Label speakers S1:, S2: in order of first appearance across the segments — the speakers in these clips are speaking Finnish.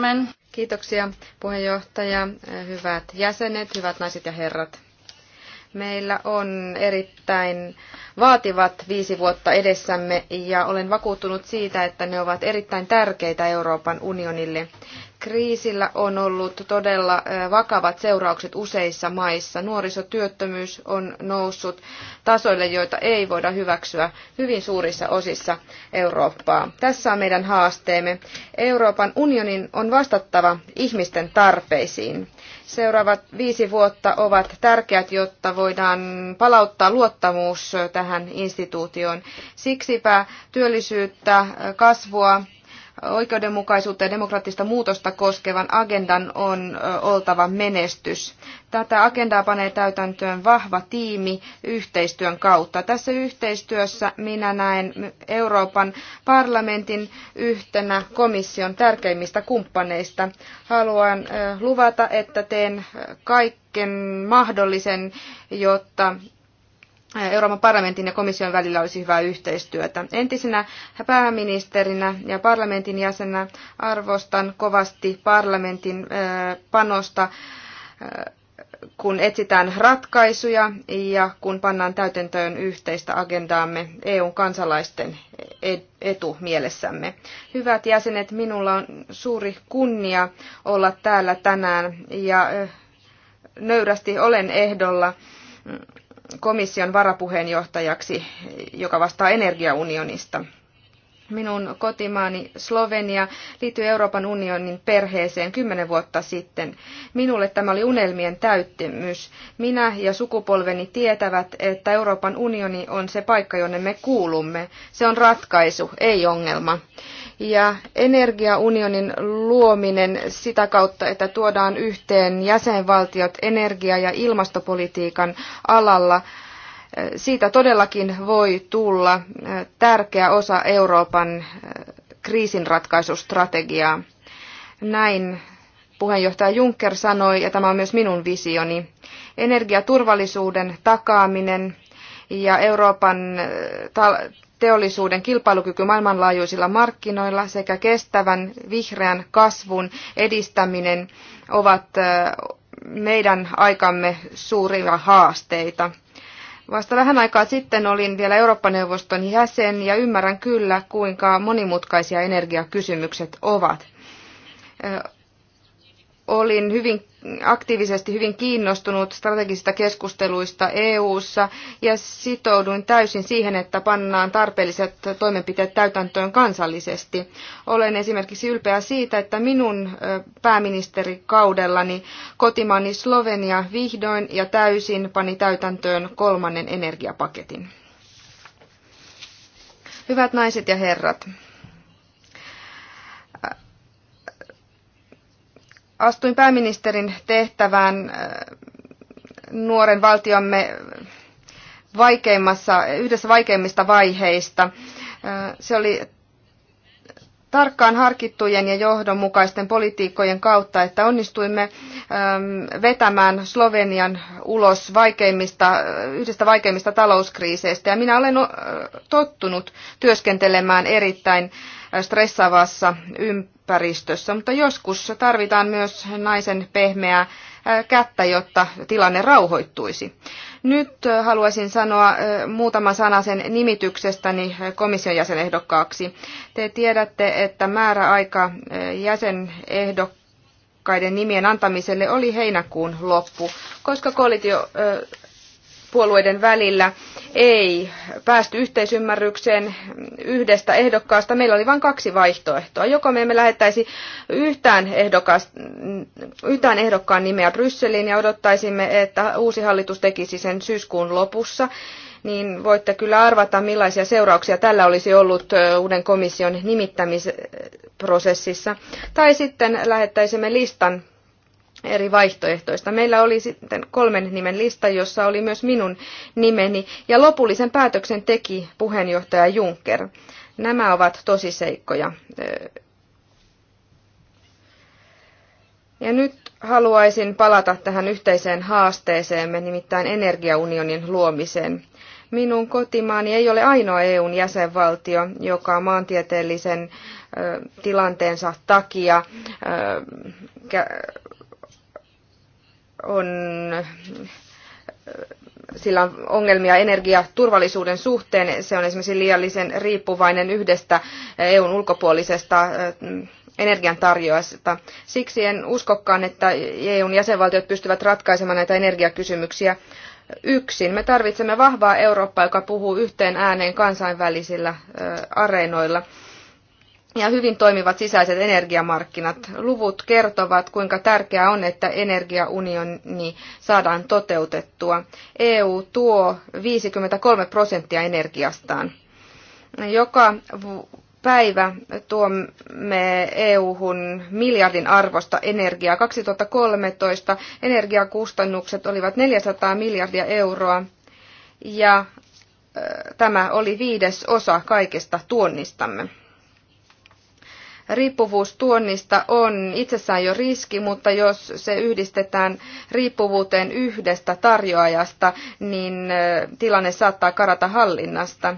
S1: Chairman. Kiitoksia puheenjohtaja, hyvät jäsenet, hyvät naiset ja herrat. Meillä on erittäin vaativat viisi vuotta edessämme ja olen vakuuttunut siitä, että ne ovat erittäin tärkeitä Euroopan unionille. Kriisillä on ollut todella vakavat seuraukset useissa maissa. Nuorisotyöttömyys on noussut tasoille, joita ei voida hyväksyä hyvin suurissa osissa Eurooppaa. Tässä on meidän haasteemme. Euroopan unionin on vastattava ihmisten tarpeisiin. Seuraavat viisi vuotta ovat tärkeät, jotta voidaan palauttaa luottamus tähän instituutioon. Siksipä työllisyyttä, kasvua, oikeudenmukaisuutta ja demokraattista muutosta koskevan agendan on oltava menestys. Tätä agendaa panee täytäntöön vahva tiimi yhteistyön kautta. Tässä yhteistyössä minä näen Euroopan parlamentin yhtenä komission tärkeimmistä kumppaneista. Haluan luvata, että teen kaiken mahdollisen, jotta Euroopan parlamentin ja komission välillä olisi hyvää yhteistyötä. Entisenä pääministerinä ja parlamentin jäsenä arvostan kovasti parlamentin panosta, kun etsitään ratkaisuja ja kun pannaan täytäntöön yhteistä agendaamme EUn kansalaisten e-, etu mielessämme. Hyvät jäsenet, minulla on suuri kunnia olla täällä tänään ja nöyrästi olen ehdolla mm, komission varapuheenjohtajaksi, joka vastaa energiaunionista. Minun kotimaani Slovenia liittyi Euroopan unionin perheeseen kymmenen vuotta sitten. Minulle tämä oli unelmien täyttymys. Minä ja sukupolveni tietävät, että Euroopan unioni on se paikka, jonne me kuulumme. Se on ratkaisu, ei ongelma ja energiaunionin luominen sitä kautta, että tuodaan yhteen jäsenvaltiot energia- ja ilmastopolitiikan alalla, siitä todellakin voi tulla tärkeä osa Euroopan kriisinratkaisustrategiaa. Näin puheenjohtaja Juncker sanoi, ja tämä on myös minun visioni. Energiaturvallisuuden takaaminen ja Euroopan teollisuuden kilpailukyky maailmanlaajuisilla markkinoilla sekä kestävän vihreän kasvun edistäminen ovat meidän aikamme suuria haasteita. Vasta vähän aikaa sitten olin vielä Eurooppa-neuvoston jäsen ja ymmärrän kyllä, kuinka monimutkaisia energiakysymykset ovat olin hyvin aktiivisesti hyvin kiinnostunut strategisista keskusteluista EU:ssa ja sitouduin täysin siihen, että pannaan tarpeelliset toimenpiteet täytäntöön kansallisesti. Olen esimerkiksi ylpeä siitä, että minun pääministerikaudellani kotimaani Slovenia vihdoin ja täysin pani täytäntöön kolmannen energiapaketin. Hyvät naiset ja herrat, astuin pääministerin tehtävään äh, nuoren valtiomme vaikeimmassa, yhdessä vaikeimmista vaiheista. Äh, se oli tarkkaan harkittujen ja johdonmukaisten politiikkojen kautta, että onnistuimme ähm, vetämään Slovenian ulos vaikeimmista, äh, yhdestä vaikeimmista talouskriiseistä. Ja minä olen tottunut työskentelemään erittäin stressaavassa ympäristössä, mutta joskus tarvitaan myös naisen pehmeää kättä, jotta tilanne rauhoittuisi. Nyt haluaisin sanoa muutaman sanan sen nimityksestäni komission jäsenehdokkaaksi. Te tiedätte, että määräaika jäsenehdokkaiden nimien antamiselle oli heinäkuun loppu, koska koalitio puolueiden välillä ei päästy yhteisymmärrykseen yhdestä ehdokkaasta. Meillä oli vain kaksi vaihtoehtoa. Joko me emme lähettäisi yhtään, yhtään ehdokkaan nimeä Brysseliin ja odottaisimme, että uusi hallitus tekisi sen syyskuun lopussa niin voitte kyllä arvata, millaisia seurauksia tällä olisi ollut uuden komission nimittämisprosessissa. Tai sitten lähettäisimme listan eri vaihtoehtoista. Meillä oli sitten kolmen nimen lista, jossa oli myös minun nimeni, ja lopullisen päätöksen teki puheenjohtaja Juncker. Nämä ovat tosiseikkoja. Ja nyt haluaisin palata tähän yhteiseen haasteeseemme, nimittäin energiaunionin luomiseen. Minun kotimaani ei ole ainoa EUn jäsenvaltio, joka maantieteellisen tilanteensa takia on sillä on ongelmia energiaturvallisuuden suhteen. Se on esimerkiksi liiallisen riippuvainen yhdestä EUn ulkopuolisesta energiantarjoajasta. Siksi en uskokaan, että EUn jäsenvaltiot pystyvät ratkaisemaan näitä energiakysymyksiä yksin. Me tarvitsemme vahvaa Eurooppaa, joka puhuu yhteen ääneen kansainvälisillä areenoilla ja hyvin toimivat sisäiset energiamarkkinat. Luvut kertovat, kuinka tärkeää on, että energiaunioni saadaan toteutettua. EU tuo 53 prosenttia energiastaan. Joka päivä tuomme EU-hun miljardin arvosta energiaa. 2013 energiakustannukset olivat 400 miljardia euroa ja tämä oli viides osa kaikesta tuonnistamme riippuvuus tuonnista on itsessään jo riski, mutta jos se yhdistetään riippuvuuteen yhdestä tarjoajasta, niin tilanne saattaa karata hallinnasta.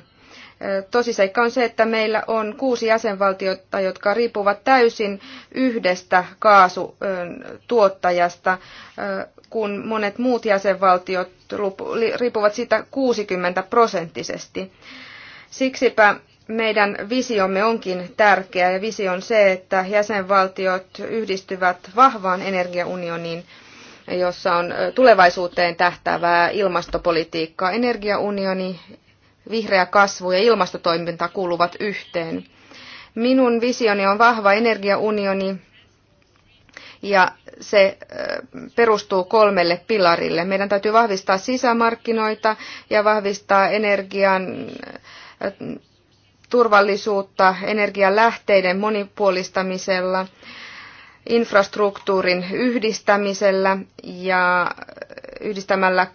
S1: Tosiseikka on se, että meillä on kuusi jäsenvaltiota, jotka riippuvat täysin yhdestä kaasutuottajasta, kun monet muut jäsenvaltiot riippuvat siitä 60 prosenttisesti. Siksipä meidän visiomme onkin tärkeä ja visio on se, että jäsenvaltiot yhdistyvät vahvaan energiaunioniin, jossa on tulevaisuuteen tähtäävää ilmastopolitiikkaa. Energiaunioni, vihreä kasvu ja ilmastotoiminta kuuluvat yhteen. Minun visioni on vahva energiaunioni ja se perustuu kolmelle pilarille. Meidän täytyy vahvistaa sisämarkkinoita ja vahvistaa energian turvallisuutta energialähteiden monipuolistamisella, infrastruktuurin yhdistämisellä ja yhdistämällä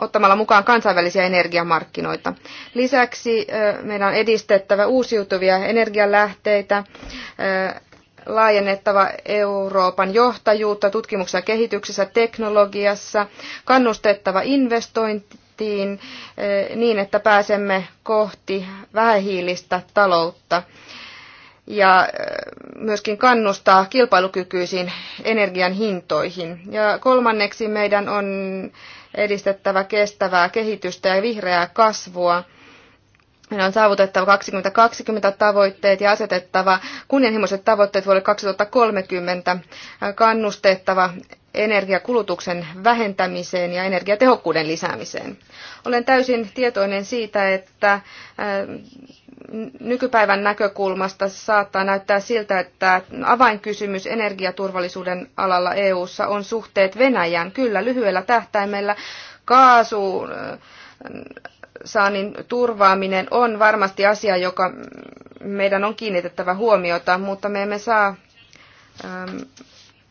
S1: ottamalla mukaan kansainvälisiä energiamarkkinoita. Lisäksi meidän on edistettävä uusiutuvia energialähteitä, laajennettava Euroopan johtajuutta tutkimuksessa, kehityksessä, teknologiassa, kannustettava investointi prosenttiin eh, niin, että pääsemme kohti vähähiilistä taloutta ja eh, myöskin kannustaa kilpailukykyisiin energian hintoihin. Ja kolmanneksi meidän on edistettävä kestävää kehitystä ja vihreää kasvua meidän on saavutettava 2020 tavoitteet ja asetettava kunnianhimoiset tavoitteet vuodelle 2030, kannustettava energiakulutuksen vähentämiseen ja energiatehokkuuden lisäämiseen. Olen täysin tietoinen siitä, että äh, nykypäivän näkökulmasta saattaa näyttää siltä, että avainkysymys energiaturvallisuuden alalla EU:ssa on suhteet Venäjään. Kyllä lyhyellä tähtäimellä kaasu äh, saannin turvaaminen on varmasti asia, joka meidän on kiinnitettävä huomiota, mutta me emme saa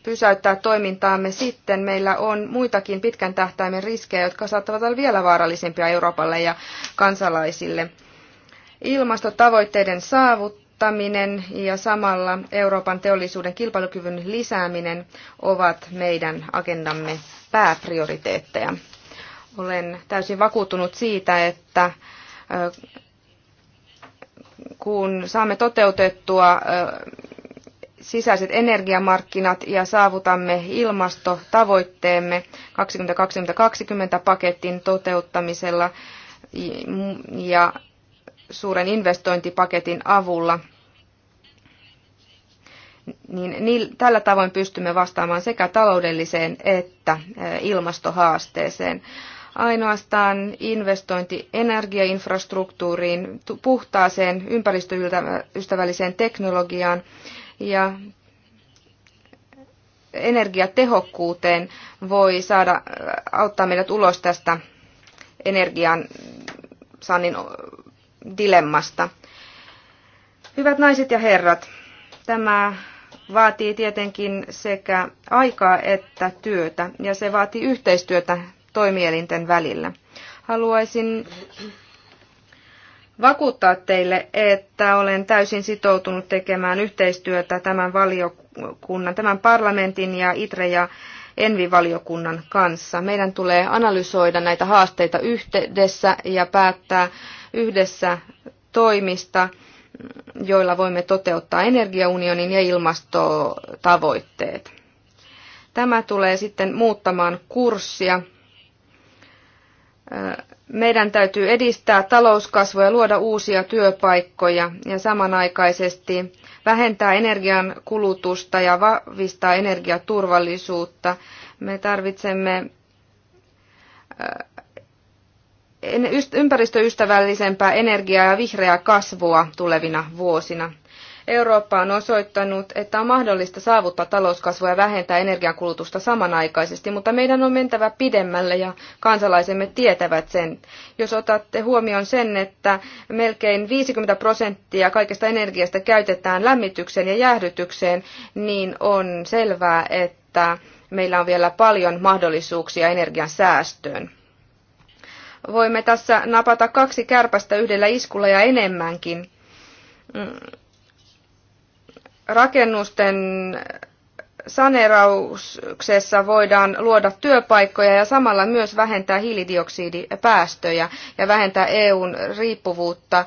S1: pysäyttää toimintaamme sitten. Meillä on muitakin pitkän tähtäimen riskejä, jotka saattavat olla vielä vaarallisempia Euroopalle ja kansalaisille. Ilmastotavoitteiden saavuttaminen ja samalla Euroopan teollisuuden kilpailukyvyn lisääminen ovat meidän agendamme pääprioriteetteja. Olen täysin vakuuttunut siitä, että kun saamme toteutettua sisäiset energiamarkkinat ja saavutamme ilmastotavoitteemme 2020-2020 paketin toteuttamisella ja suuren investointipaketin avulla, niin tällä tavoin pystymme vastaamaan sekä taloudelliseen että ilmastohaasteeseen. Ainoastaan investointi energiainfrastruktuuriin, puhtaaseen ympäristöystävälliseen teknologiaan ja energiatehokkuuteen voi saada, auttaa meidät ulos tästä energian sannin dilemmasta. Hyvät naiset ja herrat, tämä vaatii tietenkin sekä aikaa että työtä, ja se vaatii yhteistyötä toimielinten välillä. Haluaisin vakuuttaa teille, että olen täysin sitoutunut tekemään yhteistyötä tämän valiokunnan, tämän parlamentin ja ITRE ja Envi-valiokunnan kanssa. Meidän tulee analysoida näitä haasteita yhdessä ja päättää yhdessä toimista, joilla voimme toteuttaa energiaunionin ja ilmastotavoitteet. Tämä tulee sitten muuttamaan kurssia meidän täytyy edistää talouskasvua ja luoda uusia työpaikkoja ja samanaikaisesti vähentää energian kulutusta ja vahvistaa energiaturvallisuutta. Me tarvitsemme äh, ympäristöystävällisempää energiaa ja vihreää kasvua tulevina vuosina. Eurooppa on osoittanut, että on mahdollista saavuttaa talouskasvua ja vähentää energiankulutusta samanaikaisesti, mutta meidän on mentävä pidemmälle ja kansalaisemme tietävät sen. Jos otatte huomioon sen, että melkein 50 prosenttia kaikesta energiasta käytetään lämmitykseen ja jäähdytykseen, niin on selvää, että meillä on vielä paljon mahdollisuuksia energian säästöön voimme tässä napata kaksi kärpästä yhdellä iskulla ja enemmänkin. Mm, rakennusten saneerauksessa voidaan luoda työpaikkoja ja samalla myös vähentää hiilidioksidipäästöjä ja vähentää EUn riippuvuutta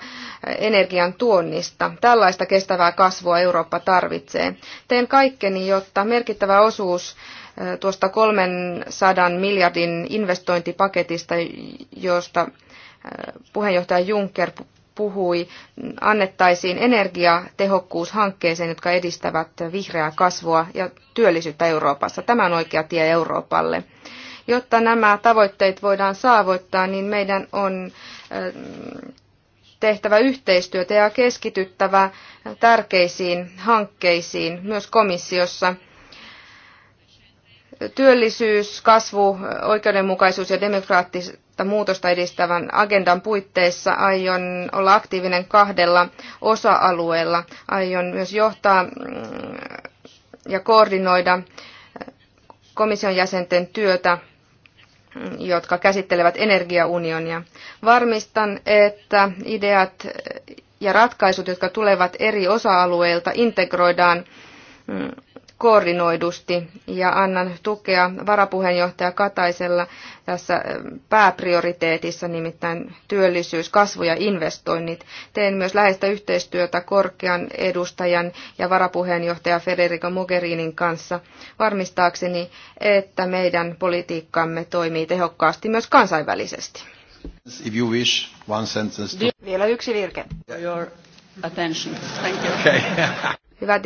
S1: energian tuonnista. Tällaista kestävää kasvua Eurooppa tarvitsee. Teen kaikkeni, jotta merkittävä osuus tuosta 300 miljardin investointipaketista, josta puheenjohtaja Juncker puhui, annettaisiin energiatehokkuushankkeeseen, jotka edistävät vihreää kasvua ja työllisyyttä Euroopassa. Tämä on oikea tie Euroopalle. Jotta nämä tavoitteet voidaan saavuttaa, niin meidän on tehtävä yhteistyötä ja keskityttävä tärkeisiin hankkeisiin myös komissiossa työllisyys, kasvu, oikeudenmukaisuus ja demokraattisuus muutosta edistävän agendan puitteissa aion olla aktiivinen kahdella osa-alueella. Aion myös johtaa mm, ja koordinoida äh, komission jäsenten työtä, mm, jotka käsittelevät energiaunionia. Varmistan, että ideat äh, ja ratkaisut, jotka tulevat eri osa-alueilta, integroidaan mm, koordinoidusti ja annan tukea varapuheenjohtaja Kataisella tässä eh, pääprioriteetissa, nimittäin työllisyys, kasvu ja investoinnit. Teen myös läheistä yhteistyötä korkean edustajan ja varapuheenjohtaja Federica Mogherinin kanssa varmistaakseni, että meidän politiikkamme toimii tehokkaasti myös kansainvälisesti. If you wish, one sentence to... Vielä yksi virke. Your attention. Thank you. Okay. Hyvä